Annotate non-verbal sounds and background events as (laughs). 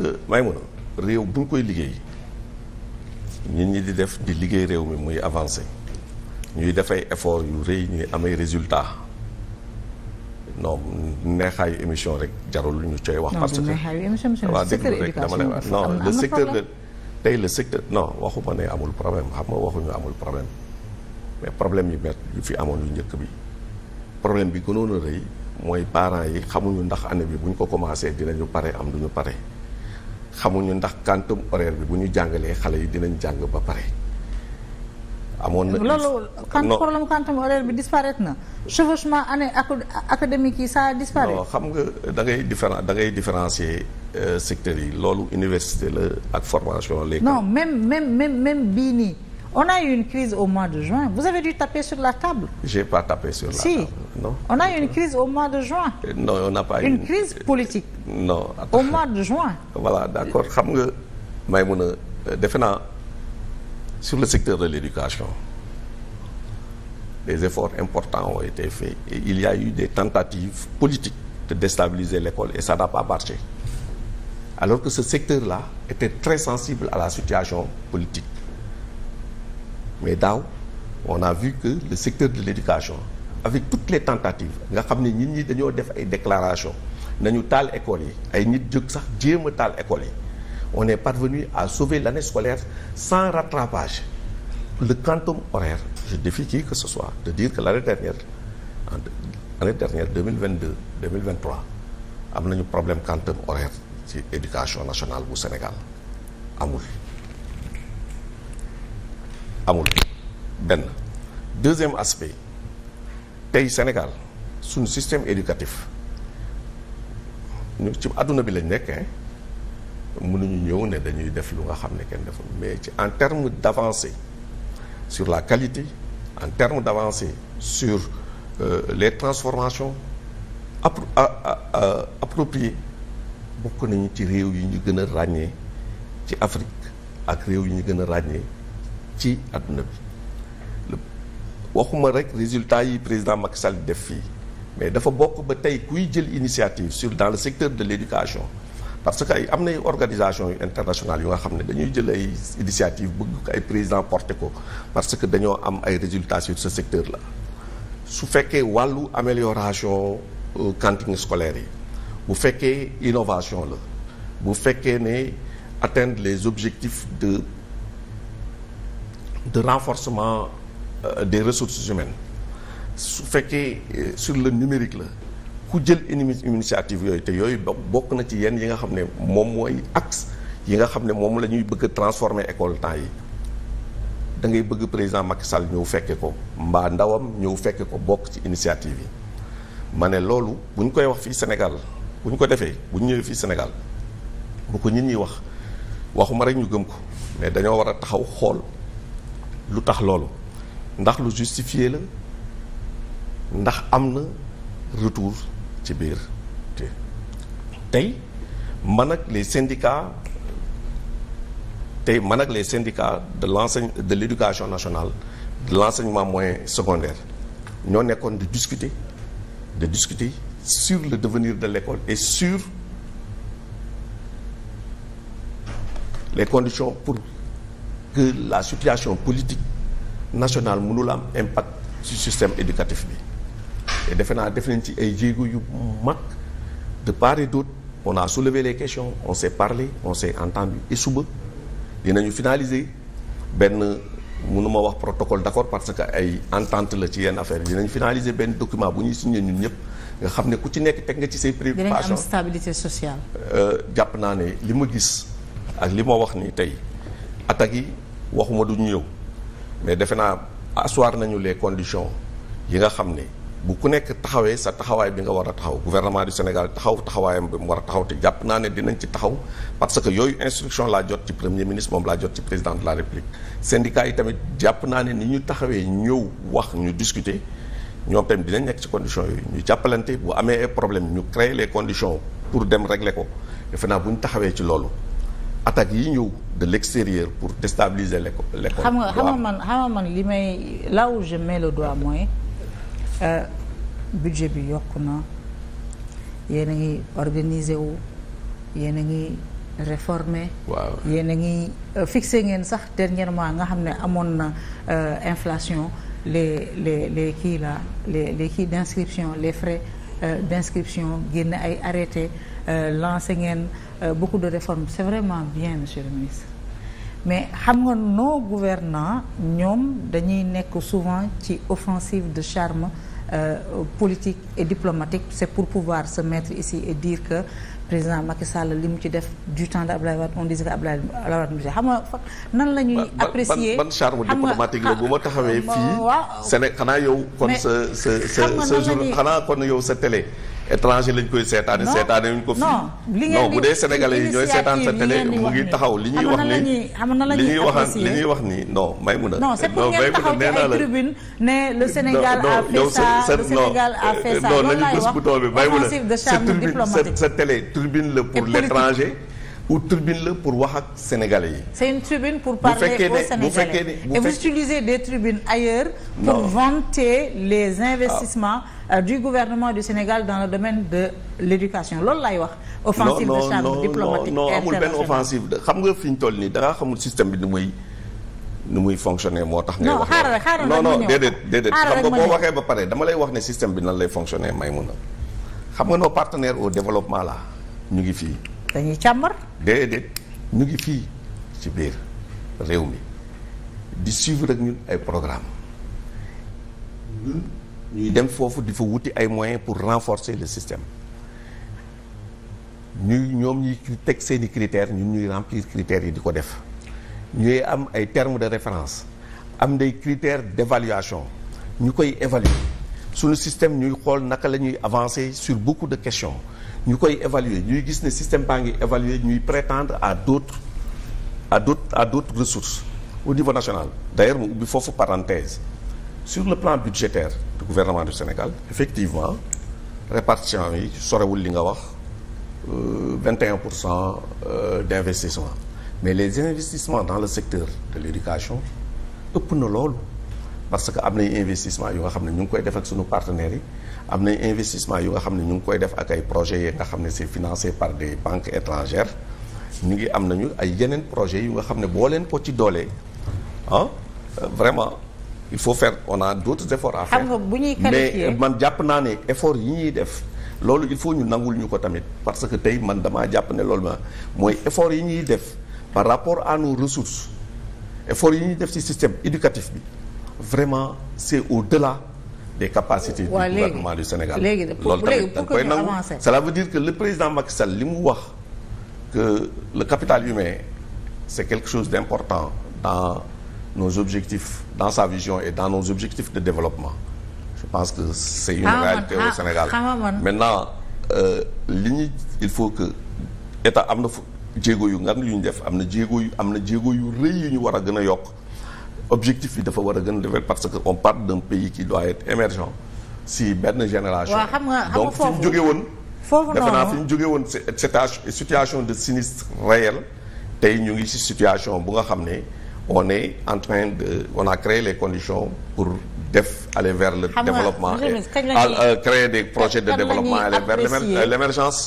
gis may ma réew bu koy liggéey nit ñi di def di liggéey réew mi muy avancé ñuy def ay effort yu rëy ñuy amay résultat non neexaayu émission rek jarul ñu cooy wax. parce que waaw déglu rek dama lay wax non le secteur de tey le secteur non waxuma ne amul problème xam nga waxuñu amul problème mais problème yu met yu fi amoon yu njëkk bi problème bi gënoon a rëy mooy parents yi xamuñu ndax année bi buñ ko commencé dinañu pare am duñu pare. xamuñu ndax quantum horaire bi bu ñu jàngalee xale yi dinañ jàng ba pare. amoon nag loolu kan problème quantum horaire bi disparaître na chevauchement année académique yi ça disparaît. non xam nga da ngay différen da ngay différencier euh, secteurs yi loolu université la ak formation. léegi non même même même même bii nii on a eu une crise au mois de juin vous avez dû taper sur la table. j'ai pas tapé sur la table. Non. On a eu de juin. Non, on pas une, crise politique. Non. Attends. Au mois de juin. xam nga Maïmouna euh, defe naa sur le secteur de l'éducation des efforts importants ont été faits et il y a eu des tentatives politiques de déstabiliser l'école et ça n'a pas marché. Alors que ce secteur-là était très sensible à la situation politique. Mais daaw on a vu que le secteur de l'éducation avec toutes les tentatives nga xam ne nit ñi dañoo def ay déclarations nañu taal école yi ay nit jóg sax jéem a taal école yi on est parvenu à sauver l'année scolaire sans rattrapage le quantum horaire je défie qui que ce soit de dire que l'année dernière l'année dernière 2022 2023 am nañu problème quantum horaire ci éducation nationale bu Sénégal amul amul benn deuxième aspect tey Sénégal suñu système éducatif ñu ci àdduna bi lañ nekk mënuñu ñëw ne dañuy def lu nga xam ne kenn deful mais ci en terme d'avancée sur la qualité en terme d'avancée sur euh, les transformations appro appropriées bokk nañu ci réew yi ñu gën a ràññee ci Afrique ak réew yi ñu gën a ràññee ci àdduna bi waxuma rek résultat yi président Macky Sall def fii mais dafa bokk ba tey kuy jël initiative sur dans le secteur de l'éducation parce que ay am nay organisation yu internationale yu nga xam ne dañuy jël ay initiative bëgg ay président porté ko parce que dañoo am ay résultats sur ce secteur là su fekkee wàllu amélioration cantines euh, scolaires yi bu fekkee innovation la bu fekkee ne atteindre les objectifs de de renforcement Euh, des ressources humaines su fekkee euh, sur le numérique la ku jël initiative yooyu te yooyu bokk na ci yenn yi nga xam ne moom mooy axe yi nga xam ne moom la ñuy bëgg a transformer école temps yi da ngay bëgg président Macky Sall ñëw fekke ko mbaa ndawam ñëw fekke ko bokk ci initiative yi ma ne loolu bu ñu koy wax fii Sénégal bu ñu ko defee bu ñu ñëwee fii Sénégal bu ko nit ñi wax waxuma rek ñu gëm ko mais dañoo war a taxaw xool lu tax loolu ndax lu justifié la ndax am na retour ci biir te tey man ak les syndicats tey man ak les syndicats de l'enseigne de l'éducation nationale de l'enseignement moyen secondaire ñoo nekkoon di discuter de discuter sur le devenir de l'école et sur les conditions pour que la situation politique national mënul am impact ci système éducatif bi defe naa def nañ ci ay jéego yu mag de par et d'autre on a soulevé les questions on s'est parlé on s'est entendu et suba dinañu finaliser benn mënuma wax protocole d'accord parce que ay entente la ci yenn affaire dinañ finaliser benn document bu ñuy signé ñun ñëpp nga xam ne ku ci nekk teg nga ci say préoccupation dinañ am stabilité euh, jàpp naa ne li ma gis ak li ma wax ni tey attaques yi waxuma duñu ñëw mais defe naa asseoir nañu les conditions yi nga xam ne bu ku nekk taxawee sa taxawaay bi nga war a taxaw gouvernement du Sénégal taxaw taxawaayam bi mu war a taxaw te jàpp naa ne dinañ ci taxaw parce que yooyu instruction laa jot ci premier ministre moom laa jot ci président de la république syndicat yi tamit jàpp naa ne ni ñu taxawee ñëw wax ñu discuter ñoom tamit dinañ nekk ci conditions yooyu ñu jàppalante bu amee ay problème ñu créer les conditions pour dem régler ko defe naa bu ñu taxawee ci loolu attaques yi ñëw de l'extérieur pour déstabiliser l'école l'école xam nga xam nga man xam man li may là où je mets le doigt mooy euh, budget bi yokku na yéen a ngi organiser wu yéen a ngi réformer waaw a ngi euh, fixé ngeen sax dernièrement nga xam ne amoon na euh, inflation les les les kii la les les kii d'inscription les frais d'inscription génn ay arrêté Euh, lancé ngeen euh, beaucoup de réformes c'est vraiment bien monsieur le ministre mais xam nga nos gouvernants ñoom dañuy nekk souvent ci offensive de charme euh, politique et diplomatique c'est pour pouvoir se mettre ici et dire que président Macky Sall li mu ci def du temps de Abdoulaye Wade on disait que Abdoulaye Wade monsieur xam nga nan la ñuy apprécier ban charme diplomatique la bu ma taxawee (laughs) fii Sénégal xanaa yow kon sa sa sa sa jour xanaa kon yow sa télé étranger lañ koy seetaane seetaane wuñ ko fii non bu dee sénégalais yi ñooy seetaan sa télé mu ngi taxaw li ñuy wax ni li ñuy wax li ñuy wax ni non may mun a non c'est pour ngeen taxaw ci ay tribune ne le Sénégal a fait ça le Sénégal a fait ça non nañu bés bu tool bi may mun a sa tribune sa télé tribune la pour l'étranger ou tribune la pour wax ak sénégalais yi. c'est une tribune pour parler aux sénégalais et vous utilisez des tribunes ailleurs. pour non. vanter les ah. investissements. Ah. du gouvernement du Sénégal dans le domaine de l'éducation loolu laay wax. offensive non, non, de charme diplomatique non non amul benn offensive xam nga fi ñu toll nii dangaa xamul système bi ni muy ni muy fonctionner moo tax. ngay wax non non déedéet déedéet xam nga boo waxee ba pare dama lay wax ne système bi nan lay fonctionner may mun a. xam nga noo partenaire au développement la ñu ngi fii. dañuy càmbar. déedéet ñu ngi fii ci biir réew mi di suivre ak ñun ay programme ñun ñuy dem foofu di fa wuti ay moyens pour renforcer le système ñuy ñoom ñuy teg seeni critère ñun ñuy remplir critères yi di ko def ñuy am ay termes de référence am des critères d'évaluation ñu koy évaluer suñu système ñuy xool naka la ñuy avancer sur beaucoup de question ñu koy évaluer ñuy gis ne système baa ngi évaluer ñuy prétendre à d'autres à d'autres à d'autres ressources au niveau national d'ailleurs mu ubbi foofu parenthèse sur le plan budgétaire du gouvernement du Sénégal effectivement répartition yi sorewul li nga wax 21 euh, pour cent euh, d'investissement mais les investissements dans le secteur de l'éducation ëpp na loolu parce que am nañ investissement yu nga xam ne ñu ngi koy def ak suñu partenaires yi am nañ investissement yu nga xam ne ñu ngi koy def ak ay projets yi nga xam ne c'est financé par des banques étrangères ñu ngi am nañu ay yeneen projet yu nga xam ne boo leen ko ci doolee ah vraiment il faut faire on a d'autres efforts à faire mais man jàpp naa ne effort yi ñuy def loolu il faut ñu nangul ñu ko tamit parce que tey man damaa jàpp ne loolu ma mooy effort yi ñuy def par rapport à nos ressources yi ñuy def ci système éducatif bi vraiment c'est au-delà des capacités ouais, du gouvernement du Sénégal loolu tamit dañ koy nangu cela veut dire que le président Macky Sall li mu wax que le capital humain c'est quelque chose d'important dans nos objectifs dans sa vision et dans nos objectifs de développement je pense que c'est une ah, réalité ah, au Sénégal ah, maintenant euh, li ñu il faut que état am na jéego yu nga am na yu def am na jégo yu am na jéego you rëy yu ñu war a gën a yokk objectif yi dafa war a gën a level parce que on parle d'un pays qui doit être émergent si benn génération. waaw xam nga donc fi mu woon. foofu fi ñu jóge woon c'est situation de sinistre réel tey ñu ngi ci situation bu nga xam ne on est en train de on a créé les conditions pour def aller vers le développement et euh, créer des projets de développement aller vers euh, l'émergence